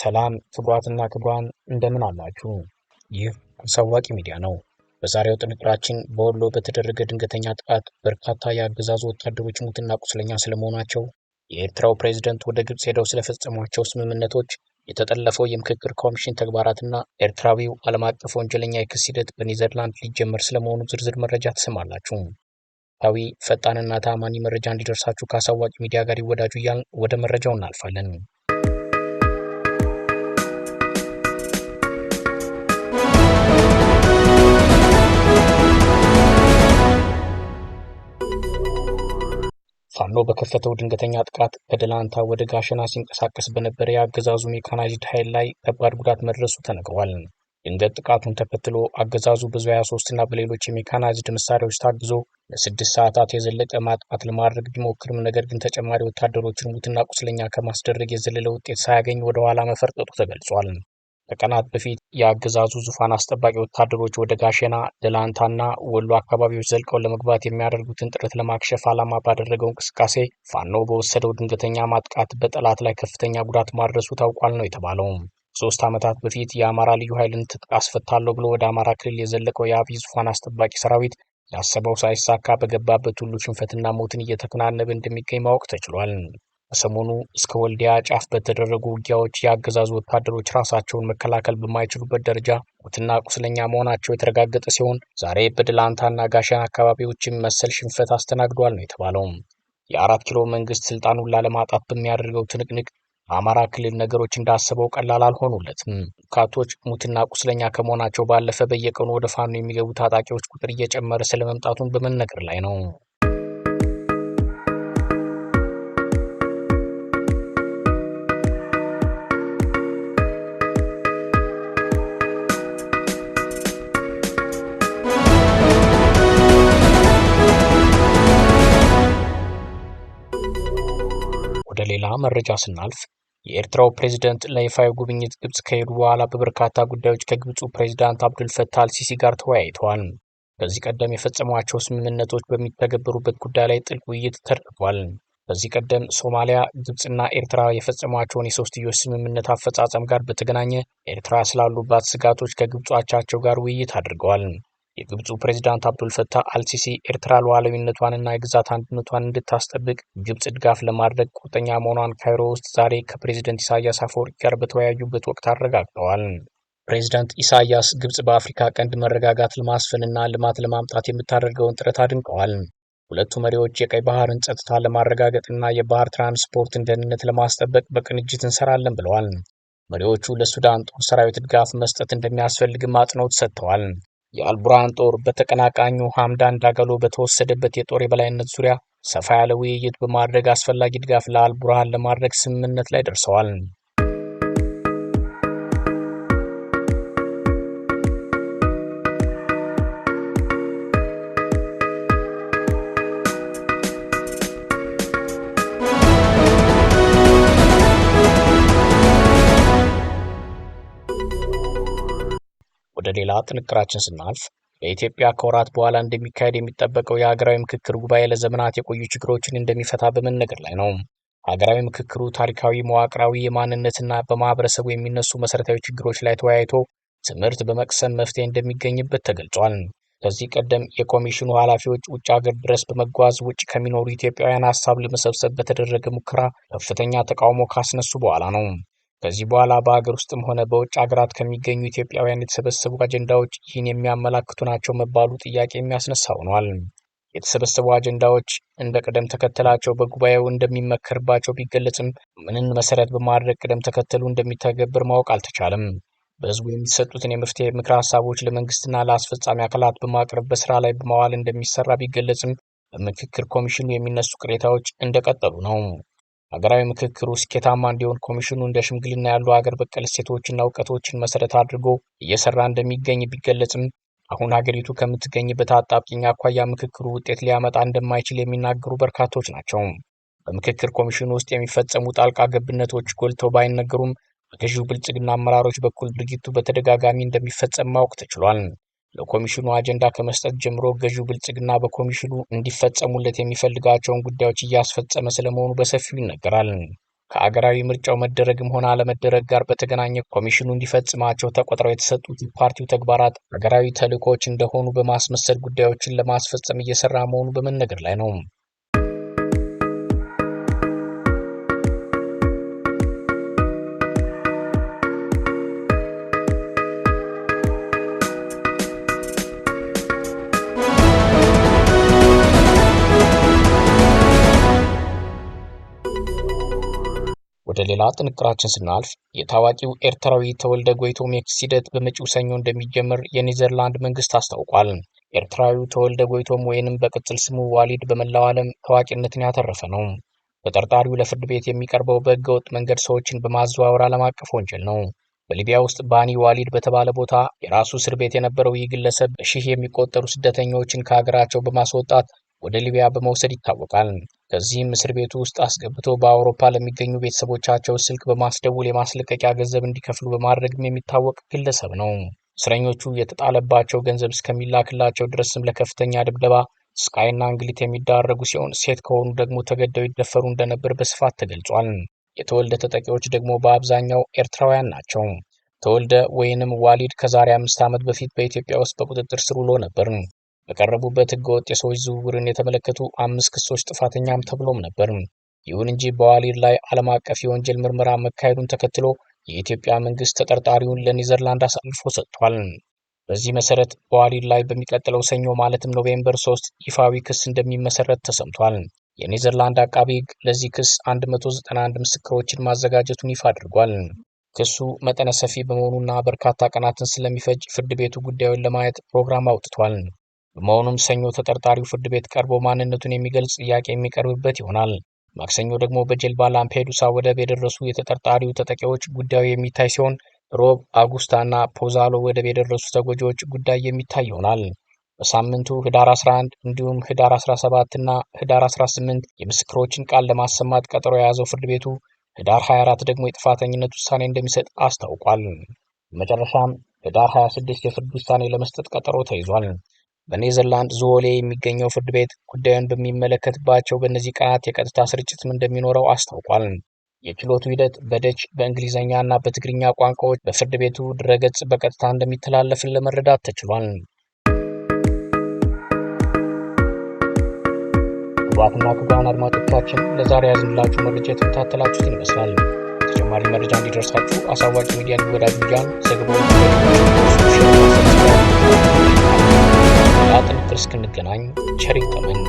ሰላም ክቡራትና ክቡራን እንደምን አላችሁ? ይህ አሳዋቂ ሚዲያ ነው። በዛሬው ጥንቅራችን በወሎ በተደረገ ድንገተኛ ጥቃት በርካታ የአገዛዙ ወታደሮች ሙትና ቁስለኛ ስለመሆናቸው፣ የኤርትራው ፕሬዝደንት ወደ ግብፅ ሄደው ስለፈጸሟቸው ስምምነቶች፣ የተጠለፈው የምክክር ኮሚሽን ተግባራትና ኤርትራዊው ዓለም አቀፍ ወንጀለኛ የክስ ሂደት በኔዘርላንድ ሊጀመር ስለመሆኑ ዝርዝር መረጃ ትሰማላችሁ። ታዊ ፈጣንና ታማኒ መረጃ እንዲደርሳችሁ ከአሳዋቂ ሚዲያ ጋር ይወዳጁ እያልን ወደ መረጃው እናልፋለን። ፋኖ በከፈተው ድንገተኛ ጥቃት ከደላንታ ወደ ጋሸና ሲንቀሳቀስ በነበረ የአገዛዙ ሜካናይዝድ ኃይል ላይ ከባድ ጉዳት መድረሱ ተነግሯል። ድንገት ጥቃቱን ተከትሎ አገዛዙ ብዙ 23 እና በሌሎች የሜካናይዝድ መሳሪያዎች ታግዞ ለስድስት ሰዓታት የዘለቀ ማጥቃት ለማድረግ ቢሞክርም ነገር ግን ተጨማሪ ወታደሮችን ሙትና ቁስለኛ ከማስደረግ የዘለለ ውጤት ሳያገኝ ወደ ኋላ መፈርጠጡ ተገልጿል። ከቀናት በፊት የአገዛዙ ዙፋን አስጠባቂ ወታደሮች ወደ ጋሸና፣ ደላንታና ወሎ አካባቢዎች ዘልቀው ለመግባት የሚያደርጉትን ጥረት ለማክሸፍ ዓላማ ባደረገው እንቅስቃሴ ፋኖ በወሰደው ድንገተኛ ማጥቃት በጠላት ላይ ከፍተኛ ጉዳት ማድረሱ ታውቋል ነው የተባለው። ሶስት ዓመታት በፊት የአማራ ልዩ ኃይልን ትጥቅ አስፈታለሁ ብሎ ወደ አማራ ክልል የዘለቀው የአብይ ዙፋን አስጠባቂ ሰራዊት ያሰበው ሳይሳካ በገባበት ሁሉ ሽንፈትና ሞትን እየተከናነበ እንደሚገኝ ማወቅ ተችሏል። በሰሞኑ እስከ ወልዲያ ጫፍ በተደረጉ ውጊያዎች የአገዛዙ ወታደሮች ራሳቸውን መከላከል በማይችሉበት ደረጃ ሞትና ቁስለኛ መሆናቸው የተረጋገጠ ሲሆን ዛሬ በድላንታና ጋሸን አካባቢዎችም መሰል ሽንፈት አስተናግዷል ነው የተባለው። የአራት ኪሎ መንግስት ስልጣኑን ላለማጣት በሚያደርገው ትንቅንቅ በአማራ ክልል ነገሮች እንዳሰበው ቀላል አልሆኑለትም። ካቶች ሙትና ቁስለኛ ከመሆናቸው ባለፈ በየቀኑ ወደ ፋኖ የሚገቡ ታጣቂዎች ቁጥር እየጨመረ ስለመምጣቱን በመነገር ላይ ነው። መረጃ ስናልፍ የኤርትራው ፕሬዝደንት ለይፋዊ ጉብኝት ግብጽ ከሄዱ በኋላ በበርካታ ጉዳዮች ከግብፁ ፕሬዝዳንት አብዱልፈታህ አልሲሲ ጋር ተወያይተዋል። በዚህ ቀደም የፈጸሟቸው ስምምነቶች በሚተገበሩበት ጉዳይ ላይ ጥልቅ ውይይት ተደርጓል። በዚህ ቀደም ሶማሊያ፣ ግብፅና ኤርትራ የፈጸሟቸውን የሶስትዮሽ ስምምነት አፈጻጸም ጋር በተገናኘ ኤርትራ ስላሉባት ስጋቶች ከግብጿቻቸው ጋር ውይይት አድርገዋል። የግብፁ ፕሬዚዳንት አብዱልፈታህ አልሲሲ ኤርትራ ሉዓላዊነቷንና የግዛት አንድነቷን እንድታስጠብቅ ግብፅ ድጋፍ ለማድረግ ቁርጠኛ መሆኗን ካይሮ ውስጥ ዛሬ ከፕሬዚደንት ኢሳያስ አፈወርቂ ጋር በተወያዩበት ወቅት አረጋግጠዋል። ፕሬዚዳንት ኢሳያስ ግብፅ በአፍሪካ ቀንድ መረጋጋት ለማስፈንና ልማት ለማምጣት የምታደርገውን ጥረት አድንቀዋል። ሁለቱ መሪዎች የቀይ ባህርን ጸጥታ ለማረጋገጥና የባህር ትራንስፖርትን ደህንነት ለማስጠበቅ በቅንጅት እንሰራለን ብለዋል። መሪዎቹ ለሱዳን ጦር ሰራዊት ድጋፍ መስጠት እንደሚያስፈልግም አጽንኦት ሰጥተዋል። የአልቡርሃን ጦር በተቀናቃኙ ሐምዳን ዳገሎ በተወሰደበት የጦር የበላይነት ዙሪያ ሰፋ ያለ ውይይት በማድረግ አስፈላጊ ድጋፍ ለአልቡርሃን ለማድረግ ስምምነት ላይ ደርሰዋል። ወደ ሌላ ጥንቅራችን ስናልፍ በኢትዮጵያ ከወራት በኋላ እንደሚካሄድ የሚጠበቀው የሀገራዊ ምክክር ጉባኤ ለዘመናት የቆዩ ችግሮችን እንደሚፈታ በመነገር ላይ ነው። ሀገራዊ ምክክሩ ታሪካዊ፣ መዋቅራዊ፣ የማንነትና በማህበረሰቡ የሚነሱ መሰረታዊ ችግሮች ላይ ተወያይቶ ትምህርት በመቅሰም መፍትሄ እንደሚገኝበት ተገልጿል። ከዚህ ቀደም የኮሚሽኑ ኃላፊዎች ውጭ ሀገር ድረስ በመጓዝ ውጭ ከሚኖሩ ኢትዮጵያውያን ሀሳብ ለመሰብሰብ በተደረገ ሙከራ ከፍተኛ ተቃውሞ ካስነሱ በኋላ ነው ከዚህ በኋላ በሀገር ውስጥም ሆነ በውጭ ሀገራት ከሚገኙ ኢትዮጵያውያን የተሰበሰቡ አጀንዳዎች ይህን የሚያመላክቱ ናቸው መባሉ ጥያቄ የሚያስነሳ ሆኗል። የተሰበሰቡ አጀንዳዎች እንደ ቅደም ተከተላቸው በጉባኤው እንደሚመከርባቸው ቢገለጽም ምንን መሰረት በማድረግ ቅደም ተከተሉ እንደሚተገበር ማወቅ አልተቻለም። በህዝቡ የሚሰጡትን የመፍትሄ ምክረ ሀሳቦች ለመንግስትና ለአስፈጻሚ አካላት በማቅረብ በስራ ላይ በማዋል እንደሚሰራ ቢገለጽም በምክክር ኮሚሽኑ የሚነሱ ቅሬታዎች እንደቀጠሉ ነው። ሀገራዊ ምክክሩ ስኬታማ እንዲሆን ኮሚሽኑ እንደ ሽምግልና ያሉ ሀገር በቀል እሴቶችና እውቀቶችን መሰረት አድርጎ እየሰራ እንደሚገኝ ቢገለጽም አሁን ሀገሪቱ ከምትገኝበት አጣብቂኝ አኳያ ምክክሩ ውጤት ሊያመጣ እንደማይችል የሚናገሩ በርካቶች ናቸው። በምክክር ኮሚሽኑ ውስጥ የሚፈጸሙ ጣልቃ ገብነቶች ጎልተው ባይነገሩም በገዢው ብልጽግና አመራሮች በኩል ድርጊቱ በተደጋጋሚ እንደሚፈጸም ማወቅ ተችሏል። ለኮሚሽኑ አጀንዳ ከመስጠት ጀምሮ ገዢው ብልጽግና በኮሚሽኑ እንዲፈጸሙለት የሚፈልጋቸውን ጉዳዮች እያስፈጸመ ስለመሆኑ በሰፊው ይነገራል። ከአገራዊ ምርጫው መደረግም ሆነ አለመደረግ ጋር በተገናኘ ኮሚሽኑ እንዲፈጽማቸው ተቆጥረው የተሰጡት የፓርቲው ተግባራት አገራዊ ተልእኮዎች እንደሆኑ በማስመሰል ጉዳዮችን ለማስፈጸም እየሰራ መሆኑ በመነገር ላይ ነው። ሌላ ጥንቅራችን ስናልፍ የታዋቂው ኤርትራዊ ተወልደ ጎይቶ የክስ ሂደት በመጪው ሰኞ እንደሚጀምር የኔዘርላንድ መንግስት አስታውቋል። ኤርትራዊው ተወልደ ጎይቶም ወይንም በቅጽል ስሙ ዋሊድ በመላው ዓለም ታዋቂነትን ያተረፈ ነው። ተጠርጣሪው ለፍርድ ቤት የሚቀርበው በህገወጥ መንገድ ሰዎችን በማዘዋወር ዓለም አቀፍ ወንጀል ነው። በሊቢያ ውስጥ ባኒ ዋሊድ በተባለ ቦታ የራሱ እስር ቤት የነበረው ይህ ግለሰብ በሺህ የሚቆጠሩ ስደተኞችን ከሀገራቸው በማስወጣት ወደ ሊቢያ በመውሰድ ይታወቃል። ከዚህም እስር ቤቱ ውስጥ አስገብቶ በአውሮፓ ለሚገኙ ቤተሰቦቻቸው ስልክ በማስደውል የማስለቀቂያ ገንዘብ እንዲከፍሉ በማድረግም የሚታወቅ ግለሰብ ነው። እስረኞቹ የተጣለባቸው ገንዘብ እስከሚላክላቸው ድረስም ለከፍተኛ ድብደባ፣ ስቃይና እንግልት የሚዳረጉ ሲሆን ሴት ከሆኑ ደግሞ ተገደው ይደፈሩ እንደነበር በስፋት ተገልጿል። የተወልደ ተጠቂዎች ደግሞ በአብዛኛው ኤርትራውያን ናቸው። ተወልደ ወይንም ዋሊድ ከዛሬ አምስት ዓመት በፊት በኢትዮጵያ ውስጥ በቁጥጥር ስር ውሎ ነበር። በቀረቡበት ህገወጥ የሰዎች ዝውውርን የተመለከቱ አምስት ክሶች ጥፋተኛም ተብሎም ነበር። ይሁን እንጂ በዋሊድ ላይ ዓለም አቀፍ የወንጀል ምርመራ መካሄዱን ተከትሎ የኢትዮጵያ መንግስት ተጠርጣሪውን ለኒዘርላንድ አሳልፎ ሰጥቷል። በዚህ መሰረት በዋሊድ ላይ በሚቀጥለው ሰኞ ማለትም ኖቬምበር 3 ይፋዊ ክስ እንደሚመሰረት ተሰምቷል። የኔዘርላንድ አቃቢ ህግ ለዚህ ክስ 191 ምስክሮችን ማዘጋጀቱን ይፋ አድርጓል። ክሱ መጠነ ሰፊ በመሆኑና በርካታ ቀናትን ስለሚፈጅ ፍርድ ቤቱ ጉዳዩን ለማየት ፕሮግራም አውጥቷል። በመሆኑም ሰኞ ተጠርጣሪው ፍርድ ቤት ቀርቦ ማንነቱን የሚገልጽ ጥያቄ የሚቀርብበት ይሆናል። ማክሰኞ ደግሞ በጀልባ ላምፔዱሳ ወደብ የደረሱ የተጠርጣሪው ተጠቂዎች ጉዳዩ የሚታይ ሲሆን ሮብ አጉስታ እና ፖዛሎ ወደብ የደረሱ ተጎጂዎች ጉዳይ የሚታይ ይሆናል። በሳምንቱ ህዳር 11 እንዲሁም ህዳር 17 እና ህዳር 18 የምስክሮችን ቃል ለማሰማት ቀጠሮ የያዘው ፍርድ ቤቱ ህዳር 24 ደግሞ የጥፋተኝነት ውሳኔ እንደሚሰጥ አስታውቋል። በመጨረሻም ህዳር 26 የፍርድ ውሳኔ ለመስጠት ቀጠሮ ተይዟል። በኔዘርላንድ ዞሌ የሚገኘው ፍርድ ቤት ጉዳዩን በሚመለከትባቸው በእነዚህ ቀናት የቀጥታ ስርጭትም እንደሚኖረው አስታውቋል። የችሎቱ ሂደት በደች በእንግሊዝኛ እና በትግርኛ ቋንቋዎች በፍርድ ቤቱ ድረገጽ በቀጥታ እንደሚተላለፍን ለመረዳት ተችሏል። ክቡራትና ክቡራን አድማጮቻችን ለዛሬ ያዝንላችሁ መረጃ የተከታተላችሁት ይመስላል። ተጨማሪ መረጃ እንዲደርሳችሁ አሳዋቂ ሚዲያ ሊወዳጅ ጃን ዘግቦ በሌላ ጥንቅር እስክንገናኝ ቸር ይግጠመን።